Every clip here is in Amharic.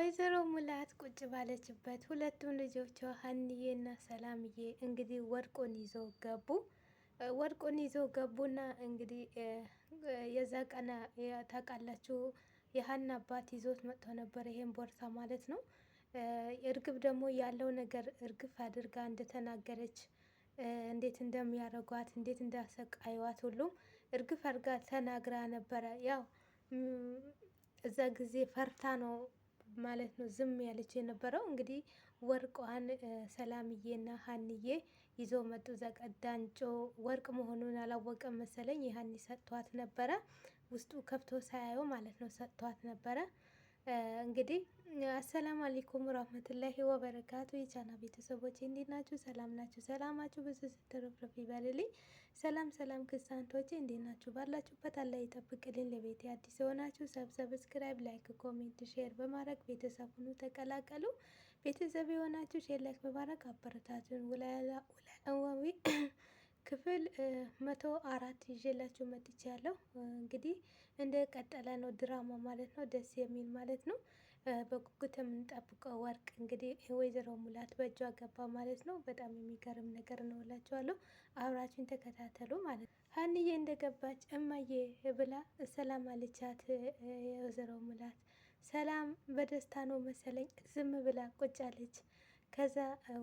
ወይዘሮ ሙላት ቁጭ ባለችበት ሁለቱም ልጆቿ እና ሰላምዬ እንግዲህ ወርቁን ይዘው ገቡ። ወርቁን ይዘው ገቡና እንግዲህ የዛ ቀን ታውቃላችሁ፣ የሀና አባት ይዞት መጥቶ ነበር፣ ይሄን ቦርሳ ማለት ነው። እርግብ ደግሞ ያለው ነገር እርግፍ አድርጋ እንደተናገረች እንዴት እንደሚያረጓት እንዴት እንዳሰቃይዋት ሁሉም እርግፍ አድርጋ ተናግራ ነበረ። ያው እዛ ጊዜ ፈርታ ነው ማለት ነው ዝም ያለች የነበረው። እንግዲህ ወርቋን ሰላምዬና ሀንዬ ይዞ መጡ። ዘቀዳንጮ ወርቅ መሆኑን አላወቀ መሰለኝ። የሀኒ ሰጥቷት ነበረ፣ ውስጡ ከፍቶ ሳያየው ማለት ነው ሰጥቷት ነበረ። እንግዲህ አሰላሙ አለይኩም ወራህመቱላሂ ወበረካቱ የቻና ቤተሰቦች እንዴት ናችሁ? ሰላም ናችሁ? ሰላማችሁ ብዙ ስትረፍረፍ ይበልልኝ። ሰላም ሰላም ክሳንቶች እንዴት ናችሁ? ባላችሁበት አላህ ይጠብቅልኝ። ለቤት አዲስ የሆናችሁ ሰብስክራይብ፣ ላይክ፣ ኮሜንት፣ ሼር በማድረግ ቤተሰብ ሁኑ ተቀላቀሉ። ቤተሰብ የሆናችሁ ሼር፣ ላይክ በማድረግ አበረታቱን። ኖላዊ ክፍል መቶ አራት ይዤላችሁ መጥቻለሁ። እንግዲህ እንደ ቀጠለ ነው ድራማ ማለት ነው። ደስ የሚል ማለት ነው። በጉጉት የምንጠብቀው ወርቅ እንግዲህ ወይዘሮ ሙላት በእጇ ገባ ማለት ነው። በጣም የሚገርም ነገር ነው እላችኋለሁ። አብራችን ተከታተሉ ማለት ነው። ሀንዬ እንደገባች እማዬ ብላ ሰላም አለቻት የወይዘሮ ሙላት። ሰላም በደስታ ነው መሰለኝ ዝም ብላ ቁጭ አለች። ከዛ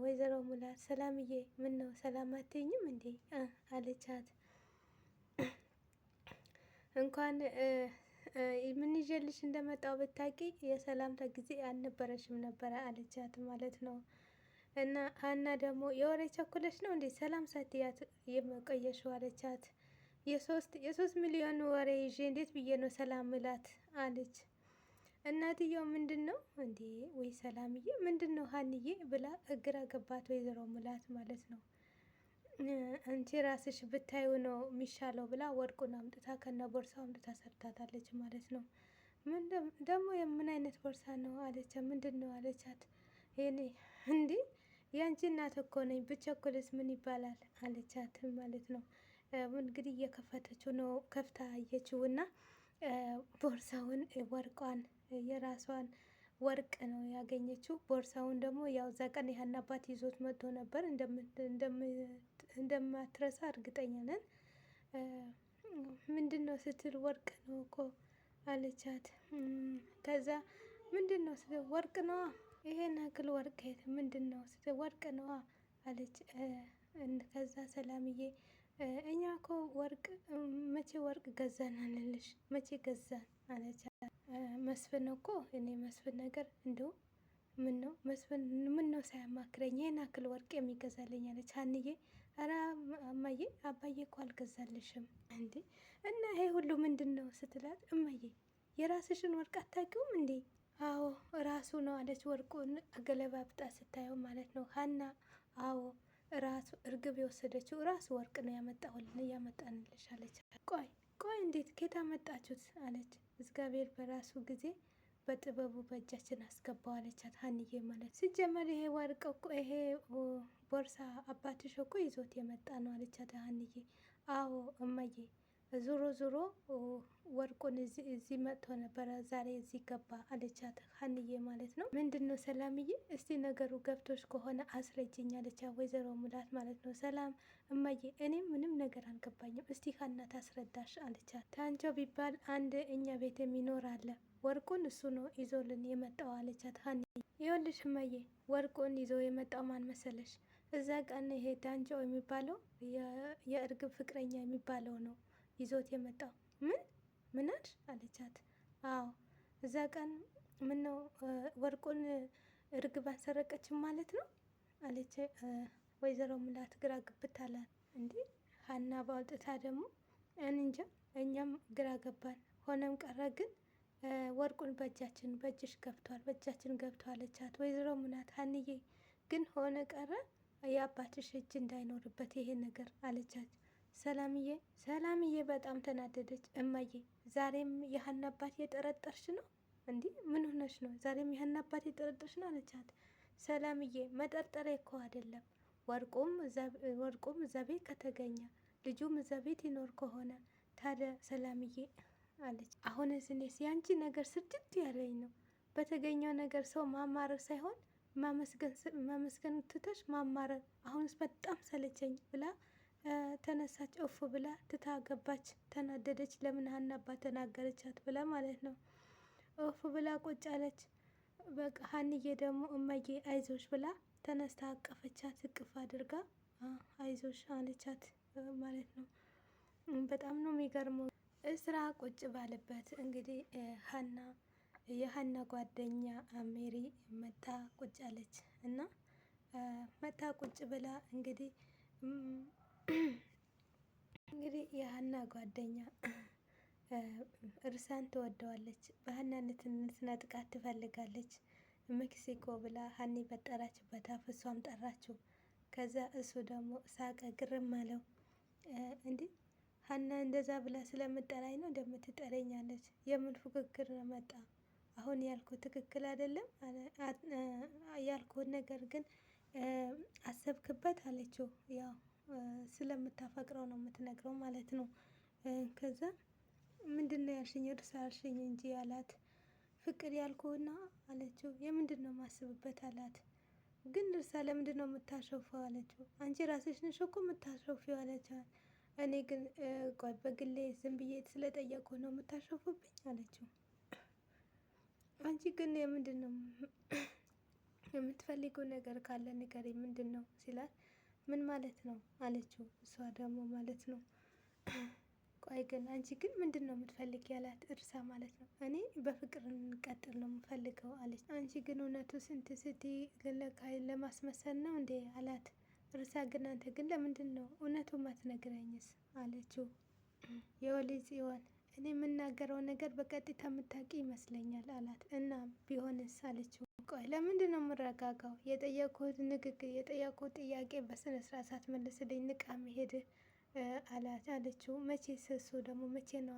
ወይዘሮ ሙላት ሰላምዬ ምን ነው ሰላም አትይኝም እንዴ አለቻት። እንኳን ምን ይዤልሽ እንደመጣው ብታቂ የሰላምታ ጊዜ አልነበረሽም ነበረ አለቻት ማለት ነው። እና ሀና ደግሞ የወሬ ቸኩለሽ ነው እንዴ ሰላም ሳትያት የመቆየሽው አለቻት። የሶስት የሶስት ሚሊዮን ወሬ ይዤ እንዴት ብዬ ነው ሰላም እላት አለች። እናትየው ምንድን ነው እንዴ ወይ ሰላምዬ፣ ምንድን ነው ሀንዬ ብላ እግር ገባት ወይዘሮ ምላት ማለት ነው። አንቺ ራስሽ ብታዩ ነው የሚሻለው ብላ ወርቁን አምጥታ ከነ ቦርሳው አምጥታ ሰርታታለች ማለት ነው። ደግሞ የምን አይነት ቦርሳ ነው አለቻ። ምንድን ነው አለቻት። ይኔ እንዲ የአንቺ እናት እኮ ነኝ ብቸኩልስ ምን ይባላል አለቻት ማለት ነው። እንግዲህ እየከፈተችው ነው ከፍታ አየችው እና ቦርሳውን ወርቋን የራሷን ወርቅ ነው ያገኘችው። ቦርሳውን ደግሞ ያው ዘቀን ያህል አባት ይዞት መጥቶ ነበር እንደም እንደማትረሳ እርግጠኛ ነን። ምንድን ነው ስትል ወርቅ ነው እኮ አለቻት። ከዛ ምንድን ነው ስትል ወርቅ ነዋ፣ ይሄን ያክል ወርቅ ምንድን ነው ስትል ወርቅ ነዋ አለች። ከዛ ሰላምዬ እኛ እኮ ወርቅ መቼ ወርቅ ገዛን አለልሽ መቼ ገዛን አለቻት። መስፍን እኮ እኔ መስፍን ነገር እንዲሁ ምን ነው መስፍን ምን ነው ሳያማክረኝ ይህን አክል ወርቅ የሚገዛልኝ አለች ሀንዬ ኧረ እማዬ አባዬ እኮ አልገዛልሽም እንዴ እና ይሄ ሁሉ ምንድን ነው ስትላት፣ እማዬ የራስሽን ወርቅ አታውቂውም እንዴ? አዎ ራሱ ነው አለች። ወርቁን አገለባብጣ ስታየው ማለት ነው ሀና። አዎ ራሱ እርግብ የወሰደችው ራሱ ወርቅ ነው ያመጣሁልን እያመጣንልሽ አለች። ቆይ ቆይ እንዴት ኬታ መጣችሁት አለች። እግዚአብሔር በራሱ ጊዜ በጥበቡ በእጃችን አስገባዋለች ሀንዬ ማለት ሲጀመር ይሄ ወርቅ እኮ ይሄ ቦርሳ አባትሽ እኮ ይዞት የመጣ ነው አለቻት ሀንዬ። አዎ እመዬ ዞሮ ዙሮ ወርቁን እዚህ መጥቶ ነበረ ዛሬ እዚህ ገባ አለቻት ሀንዬ ማለት ነው። ምንድን ነው ሰላምዬ፣ እስቲ ነገሩ ገብቶች ከሆነ አስረጅኝ አለቻት ወይዘሮ ሙላት ማለት ነው። ሰላም እመዬ እኔም ምንም ነገር አልገባኝም፣ እስቲ ሀና ታስረዳሽ አለቻት። ታንቸው ቢባል አንድ እኛ ቤት የሚኖር አለ ወርቁን እሱ ነው ይዞልን የመጣው አለቻት ሀኒ። ይኸውልሽ እማዬ ወርቁን ይዞ የመጣው ማን መሰለሽ? እዛ ቀን ይሄ ዳንጆ የሚባለው የእርግብ ፍቅረኛ የሚባለው ነው ይዞት የመጣው። ምን ምናድ አለቻት። አዎ እዛ ቀን ምን ነው ወርቁን እርግብ አንሰረቀችም ማለት ነው አለች ወይዘሮ ሙላት። ግራ ግብት አላት። ሀና ባውጥታ ደግሞ እንጃ እኛም ግራ ገባን። ሆነም ቀረ ግን ወርቁን በእጃችን በእጅሽ ገብቷል በእጃችን ገብቷል አለቻት። ወይዘሮ ሙናት ሀንዬ ግን ሆነ ቀረ የአባትሽ እጅ እንዳይኖርበት ይሄ ነገር አለቻት። ሰላምዬ ሰላምዬ በጣም ተናደደች። እማዬ ዛሬም ያህን አባት የጠረጠርሽ ነው እንዲህ ምን ሆነሽ ነው? ዛሬም ያህን አባት የጠረጠርሽ ነው አለቻት። ሰላምዬ መጠርጠሬ እኮ አይደለም ወርቁም እዛ ቤት ከተገኘ ልጁም እዛ ቤት ይኖር ከሆነ ታዲያ ሰላምዬ አለች። አሁንስ እኔስ ያንቺ ነገር ስድድ ያለኝ ነው። በተገኘው ነገር ሰው ማማረር ሳይሆን ማመስገን ትተሽ ማማረር፣ አሁንስ በጣም ሰለቸኝ ብላ ተነሳች። እፉ ብላ ትታ ገባች። ተናደደች። ለምን ሀናባ ተናገረቻት ብላ ማለት ነው። እፉ ብላ ቁጭ አለች። በቃ ሀንዬ ደግሞ እመዬ አይዞሽ ብላ ተነስታ አቀፈቻት። እቅፍ አድርጋ አይዞሽ አለቻት ማለት ነው። በጣም ነው የሚገርመው። ስራ ቁጭ ባለበት እንግዲህ ሀና የሀና ጓደኛ ሜሪ መታ ቁጭ አለች እና መታ ቁጭ ብላ እንግዲህ እንግዲህ የሀና ጓደኛ እርሳን ትወደዋለች። በሀናነት ልትነጥቃት ትፈልጋለች። ሜክሲኮ ብላ ሀኒ በጠራችበት አፍ እሷም ጠራችው። ከዛ እሱ ደግሞ ሳቀ፣ ግርም አለው እንዲህ ሀና እንደዛ ብላ ስለምጠላኝ ነው እንደምትጠለኝ የምን ፉክክር ነው መጣ? አሁን ያልኩ ትክክል አይደለም ያልኩህን ነገር ግን አሰብክበት አለችው። ያው ስለምታፈቅረው ነው የምትነግረው ማለት ነው። ከዛ ምንድን ነው ያልሽኝ? እርስ አልሽኝ እንጂ አላት። ፍቅር ያልኩና አለችው። የምንድን ነው ማስብበት አላት። ግን እርሳ ለምንድን ነው የምታሾፈው አለችው። አንቺ ራስሽ ነሽ እኮ የምታሾፊው አለችው። እኔ ግን ቆይ በግሌ ዝም ብዬ ስለጠየቁ ነው የምታሸፉብኝ አለችው። አንቺ ግን የምንድን ነው የምትፈልገው ነገር ካለ ንገሪ፣ ምንድን ነው ሲላት ምን ማለት ነው አለችው። እሷ ደግሞ ማለት ነው ቆይ ግን አንቺ ግን ምንድን ነው የምትፈልግ ያላት እርሳ ማለት ነው። እኔ በፍቅር እንቀጥል ነው የምፈልገው አለች። አንቺ ግን እውነቱ ስንት ስትይ ለማስመሰል ነው እንዴ አላት። እርሳ ግን አንተ ግን ለምንድን ነው እውነቱን ማትነግረኝስ? አለችው። የወሌ ጽዮን እኔ የምናገረው ነገር በቀጥታ የምታውቂ ይመስለኛል አላት። እና ቢሆንስ አለችው። ቆይ ለምንድን ነው የምረጋጋው? የጠየቁት ንግግር የጠየቁት ጥያቄ በስነ ስርዓት ሳትመልስልኝ ንቃ መሄድ አላት አለችው። መቼ ስሱ ደግሞ መቼ ነው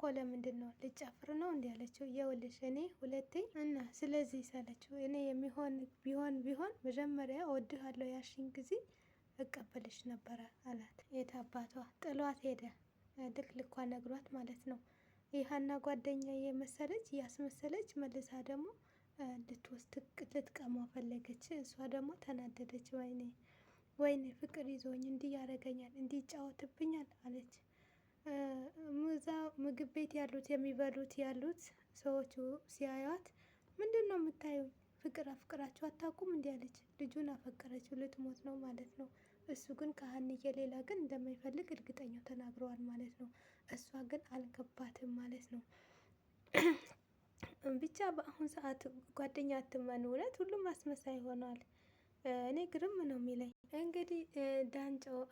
ኮ ለምንድን ነው ልጨፍር ነው እንዲ ያለችው። የውልሽ እኔ ሁለቴ እና ስለዚህ ሳለችው እኔ የሚሆን ቢሆን ቢሆን መጀመሪያ እወድሃለሁ ያልሽኝ ጊዜ እቀበልሽ ነበረ አላት። የት አባቷ ጥሏት ሄደ። ልክ ልኳ ነግሯት ማለት ነው። ይህና ጓደኛ የመሰለች ያስመሰለች መልሳ ደግሞ ልትወስድ ልትቀማ ፈለገች። እሷ ደግሞ ተናደደች። ወይኔ ወይኔ ፍቅር ይዞኝ እንዲህ ያደርገኛል እንዲህ ይጫወትብኛል አለች። ሙዛ ምግብ ቤት ያሉት የሚበሉት ያሉት ሰዎቹ ሲያዩት ምንድን ነው የምታዩኝ? ፍቅር አፍቅራችሁ አታውቁም? እንዲህ አለች። ልጁን አፈቀረችው ልትሞት ነው ማለት ነው። እሱ ግን ከሀንዬ ሌላ ግን እንደማይፈልግ እርግጠኛው ተናግረዋል ማለት ነው። እሷ ግን አልገባትም ማለት ነው። ብቻ በአሁን ሰዓት ጓደኛ አትመኑ። እውነት ሁሉም አስመሳይ ሆኗል። እኔ ግርም ነው የሚለኝ።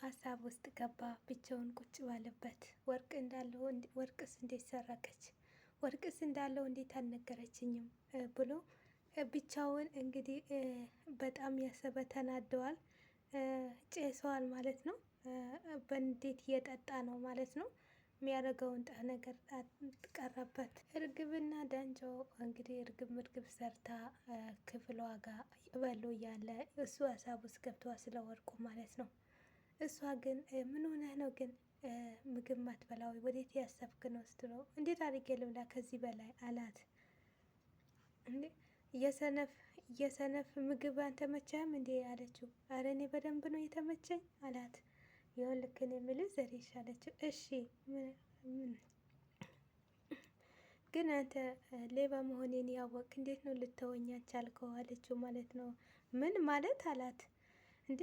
ሀሳብ ውስጥ ገባ። ብቻውን ቁጭ ባለበት ወርቅ እንዳለው ወርቅስ እንዴት ሰረቀች፣ ወርቅስ እንዳለው እንዴት አልነገረችኝም ብሎ ብቻውን እንግዲህ በጣም ያሰበ ተናደዋል፣ ጭሰዋል ማለት ነው። በንዴት እየጠጣ ነው ማለት ነው። የሚያደርገውን ጣ ነገር ቀረበት። እርግብና ደንጆ እንግዲህ እርግብ ምርግብ ሰርታ ክፍሏ ጋር እየበሉ እያለ እሱ ሀሳብ ውስጥ ገብቷ ስለ ወርቁ ማለት ነው። እሷ ግን ምን ሆነህ ነው ግን ምግብ ማትበላው? ወዴት ያሰብክ ነው ስትለው እንዴት አድርጌ ልብላ ከዚህ በላይ አላት። የሰነፍ የሰነፍ ምግብ አልተመቸህም እንዴ አለችው። አረ እኔ በደንብ ነው የተመቸኝ አላት። ይሁን ልክ እኔ የምልህ ዘሬሽ አለችው። እሺ ግን አንተ ሌባ መሆኔን ያወቅ እንዴት ነው ልተወኛ ቻልከው? አለችው ማለት ነው ምን ማለት አላት እንዴ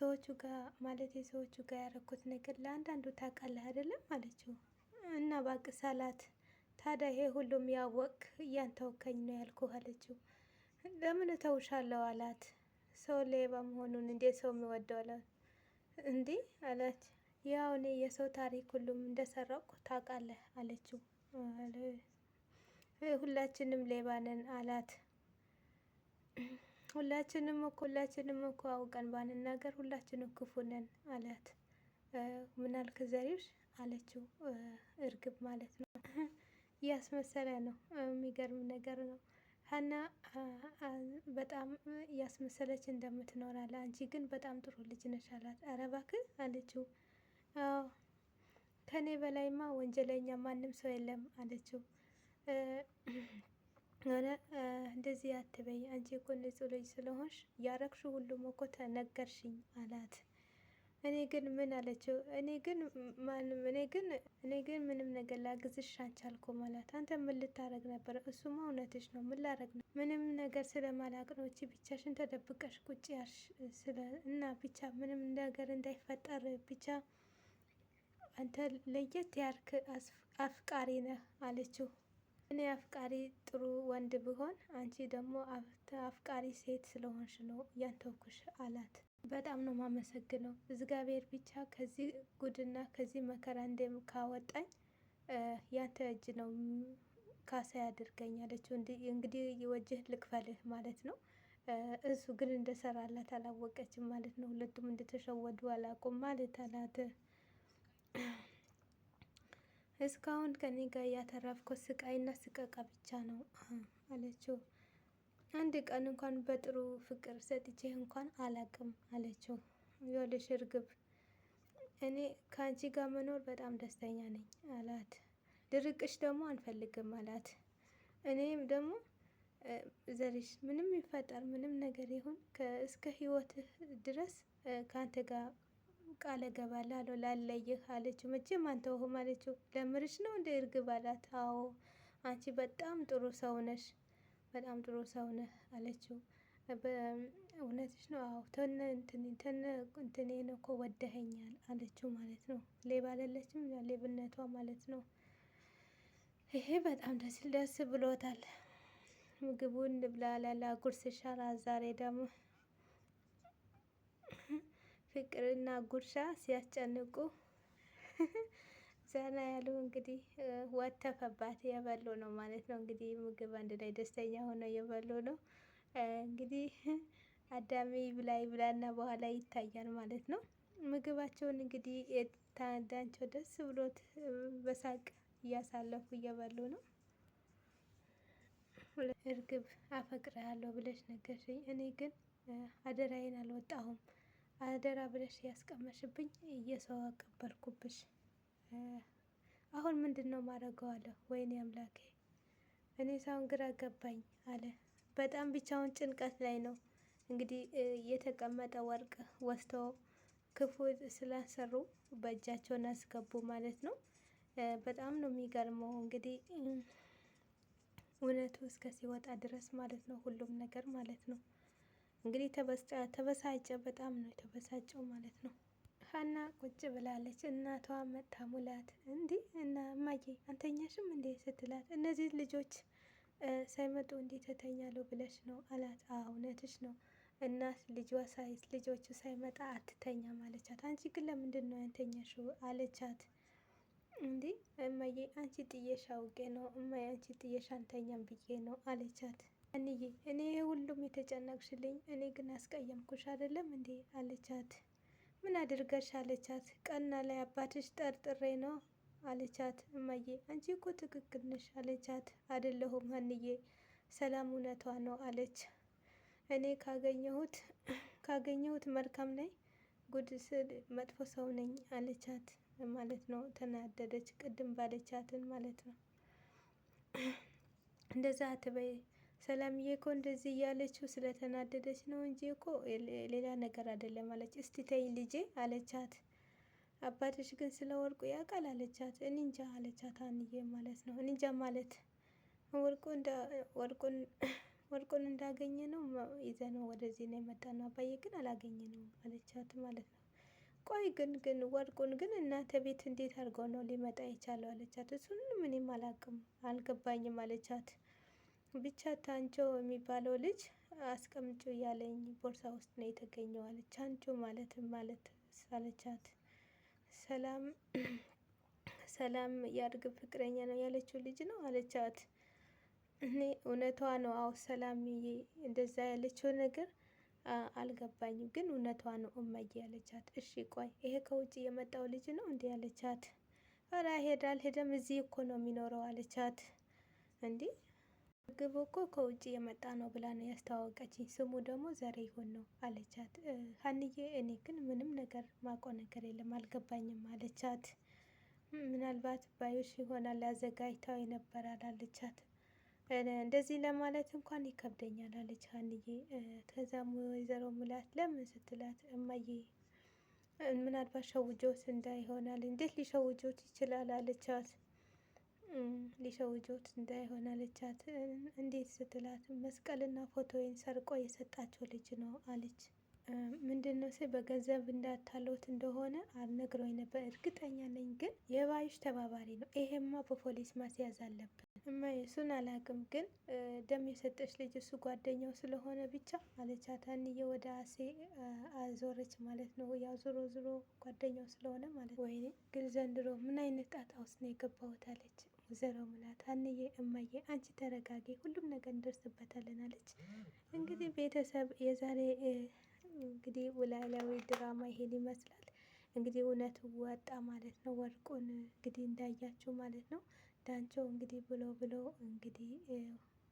ሰዎቹ ጋር ማለት የሰዎቹ ጋር ያረኩት ነገር ለአንዳንዱ ታውቃለህ አይደለም አለችው። እና እባክህ ሳላት ታዲያ ይሄ ሁሉም ያወቅክ እያን ተወካኝ ነው ያልኩህ አለችው። ለምን እተውሻለሁ አላት። ሰው ሌባ መሆኑን እንዴት ሰው የሚወደው አላት። እንዴ አላት። ያው እኔ የሰው ታሪክ ሁሉም እንደሰረቁ ታውቃለህ አለችው። ሁላችንም ሌባ ነን አላት። ሁላችንም እኮ ሁላችንም እኮ አውቀን ባንናገር ሁላችን ክፉ ነን አላት። ምናልክ ዘሪሽ አለችው እርግብ ማለት ነው። እያስመሰለ ነው። የሚገርም ነገር ነው። ሀና በጣም እያስመሰለች እንደምትኖር አለ። አንቺ ግን በጣም ጥሩ ልጅ ነሽ አላት። ኧረ እባክህ አለችው። ከእኔ በላይማ ወንጀለኛ ማንም ሰው የለም አለችው። ሆነ እንደዚህ አትበይ፣ አንቺ እኮ ንጹሕ ልጅ ስለሆንሽ ያረክሽ ሁሉም እኮ ተነገርሽኝ አላት። እኔ ግን ምን አለችው? እኔ ግን ማንም እኔ ግን እኔ ግን ምንም ነገር ላግዝሽ አልቻልኩም አላት። አንተ ምን ልታረግ ነበር? እሱማ እውነትሽ ነው። ምን ላረግ ነው? ምንም ነገር ስለማላቅ ነው። እቺ ብቻሽን ተደብቀሽ ቁጭ ያልሽ ስለ እና ብቻ ምንም ነገር እንዳይፈጠር ብቻ አንተ ለየት ያርክ አፍቃሪ ነህ አለችው። እኔ አፍቃሪ ጥሩ ወንድ ብሆን አንቺ ደግሞ አፍቃሪ ሴት ስለሆንሽ ነው እያንተውኩሽ አላት። በጣም ነው ማመሰግነው። እግዚአብሔር ብቻ ከዚህ ጉድና ከዚህ መከራ እንደም ካወጣኝ ያንተ እጅ ነው ካሳ ያድርገኝ አለችው። እንግዲህ ወጅህ ልክፈልህ ማለት ነው። እሱ ግን እንደሰራላት አላወቀችም ማለት ነው። ሁለቱም እንደተሸወዱ አላቁም ማለት አላት። እስካሁን ከኔ ጋር ያተረፍኩት ስቃይና ስቀቃ ብቻ ነው አለችው። አንድ ቀን እንኳን በጥሩ ፍቅር ሰጥቼ እንኳን አላቅም አለችው። ይኸውልሽ እርግብ እኔ ከአንቺ ጋር መኖር በጣም ደስተኛ ነኝ አላት። ድርቅሽ ደግሞ አንፈልግም አላት። እኔም ደግሞ ዘርሽ ምንም ይፈጠር ምንም ነገር ይሁን እስከ ህይወት ድረስ ከአንተ ጋር ቃል እገባልሃለሁ ላለየህ አለችው። መቼም አንተውህም አለችው። ለምርሽ ነው እንደ እርግብ አላት። አዎ አንቺ በጣም ጥሩ ሰው ነሽ፣ በጣም ጥሩ ሰው ነህ አለችው። እውነትሽ ነው። አዎ ተነ እንትኔ ነው እኮ ወደኸኛል አለችው ማለት ነው። ሌባ አይደለችም ሌብነቷ ማለት ነው። ይሄ በጣም ደስ ደስ ብሎታል። ምግቡን ልብላ ላላ ጉርስ ይሻላል ዛሬ ደግሞ ፍቅርና ጉርሻ ሲያስጨንቁ ዘና ያሉ እንግዲህ ወተፈባት የበሉ ነው ማለት ነው። እንግዲህ ምግብ አንድ ላይ ደስተኛ ሆኖ የበሉ ነው እንግዲህ አዳሚ ብላ ብላና በኋላ ይታያል ማለት ነው። ምግባቸውን እንግዲህ የታዳንቸው ደስ ብሎት በሳቅ እያሳለፉ እየበሉ ነው። እርግብ አፈቅረሃለሁ ብለሽ ነገርሽኝ፣ እኔ ግን አደራዬን አልወጣሁም አደራ ብለሽ ያስቀመሽብኝ እየሰው አቀበልኩብሽ። አሁን ምንድን ነው ማድረገው? አለ። ወይኔ አምላኬ እኔ ሳሁን ግራ ገባኝ አለ። በጣም ብቻውን ጭንቀት ላይ ነው። እንግዲህ የተቀመጠ ወርቅ ወስተው ክፉ ስላሰሩ በእጃቸውን አስገቡ ማለት ነው። በጣም ነው የሚገርመው እንግዲህ እውነቱ እስከ ሲወጣ ድረስ ማለት ነው፣ ሁሉም ነገር ማለት ነው። እንግዲህ ተበሳጨ። በጣም ነው የተበሳጨው ማለት ነው። ሀና ቁጭ ብላለች። እናቷ መጣ ሙላት እንዲህ እና እማዬ አንተኛሽም እንዴ ስትላት እነዚህ ልጆች ሳይመጡ እንዴት እተኛለሁ ብለሽ ነው አላት። አዎ እውነትሽ ነው እናት ልጇ ሳይስ ልጆቹ ሳይመጣ አትተኛ ማለቻት። አንቺ ግን ለምንድን ነው ያንተኛሽ አለቻት። እንዲ እማዬ አንቺ ጥየሽ አውቄ ነው እማዬ አንቺ ጥየሽ አንተኛም ብዬ ነው አለቻት። አንዬ እኔ ሁሉም የተጨነቅሽልኝ እኔ ግን አስቀየምኩሽ አይደለም እንዴ አለቻት። ምን አድርገሽ አለቻት። ቀና ላይ አባትሽ ጠርጥሬ ነው አለቻት። እማዬ አንቺ እኮ ትክክል ነሽ አለቻት። አይደለሁም ሀንዬ ሰላም እውነቷ ነው አለች። እኔ ካገኘሁት ካገኘሁት መልካም ላይ ጉድ ስል መጥፎ ሰው ነኝ አለቻት ማለት ነው። ተናደደች ቅድም ባለቻትን ማለት ነው። እንደዛ አትበይ ሰላምዬ እኮ እንደዚህ እያለችው ስለተናደደች ነው እንጂ እኮ ሌላ ነገር አይደለም አለች። እስቲ ተይ ልጄ አለቻት። አባትሽ ግን ስለ ወርቁ ያውቃል አለቻት። እንጃ አለቻት አንዬ ማለት ነው። እንጃ ማለት ወርቁን እንዳገኘ ነው ይዘ ነው ወደዚህ ነው የመጣ ነው። አባዬ ግን አላገኘ ነው አለቻት ማለት ነው። ቆይ ግን ግን ወርቁን ግን እናንተ ቤት እንዴት አድርገው ነው ሊመጣ የቻለው አለቻት። እሱንም ምንም አላውቅም አልገባኝም አለቻት። ብቻ ታንቾ የሚባለው ልጅ አስቀምጮ እያለኝ ቦርሳ ውስጥ ነው የተገኘው አለች። ማለት ማለት ሳለቻት ሰላም ሰላም ፍቅረኛ ነው ያለችው ልጅ ነው አለቻት። እኔ እውነቷ ነው አዎ ሰላምዬ እንደዛ ያለችው ነገር አልገባኝም፣ ግን እውነቷ ነው እማዬ ያለቻት። እሺ ቆይ ይሄ ከውጭ የመጣው ልጅ ነው እንዴ ያለቻት። ኧረ ሄዳል ሄደም እዚህ እኮ ነው የሚኖረው አለቻት። እንዲህ ምግቡ እኮ ከውጭ የመጣ ነው ብላ ነው ያስተዋወቀችኝ። ስሙ ደግሞ ዘሬ ይሁን ነው አለቻት። ሀንዬ እኔ ግን ምንም ነገር ማቆ ነገር የለም አልገባኝም አለቻት። ምናልባት ባዮሽ ይሆናል አዘጋጅታው ይነበራል አለቻት። እንደዚህ ለማለት እንኳን ይከብደኛል አለች ሀንዬ። ከዛም ወይዘሮ ሙላት ለምን ስትላት እማዬ ምናልባት ሸውጆት እንዳይሆናል እንዴት ሊሸውጆት ይችላል አለቻት። ሊሸውጆት እንዳይሆን አለቻት። እንዴት ስትላት መስቀልና ፎቶዬን ሰርቆ የሰጣቸው ልጅ ነው አለች። ምንድን ነው ስል በገንዘብ እንዳታለውት እንደሆነ አልነግረውኝ ነበር። እርግጠኛ ነኝ ግን የባዩሽ ተባባሪ ነው። ይሄማ በፖሊስ ማስያዝ አለብን። እማ እሱን አላቅም፣ ግን ደም የሰጠች ልጅ እሱ ጓደኛው ስለሆነ ብቻ አለቻት። አንዬ ወደ አሴ አዞረች ማለት ነው። ያው ዞሮ ዞሮ ጓደኛው ስለሆነ ማለት ነው። ወይኔ ግን ዘንድሮ ምን አይነት ጣጣ ውስጥ ነው የገባሁት አለች። ወይዘሮ ሙላት አንዬ እማዬ አንቺ ተረጋጊ፣ ሁሉም ነገር እንደርስበታለን አለች። እንግዲህ ቤተሰብ የዛሬ እንግዲህ ውላላዊ ድራማ ይሄን ይመስላል። እንግዲህ እውነት ወጣ ማለት ነው። ወርቁን እንግዲህ እንዳያችሁ ማለት ነው። ዳንቸው እንግዲህ ብሎ ብሎ እንግዲህ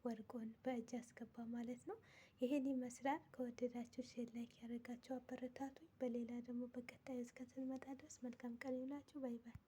ወርቁን በእጅ አስገባ ማለት ነው። ይሄን ይመስላል። ከወደዳችሁ ሼር፣ ላይክ ያደረጋችሁ አበረታቱ። በሌላ ደግሞ በቀጣይ እስከ ስንመጣ ድረስ መልካም ቀን ይሁንላችሁ። ባይ ባይ።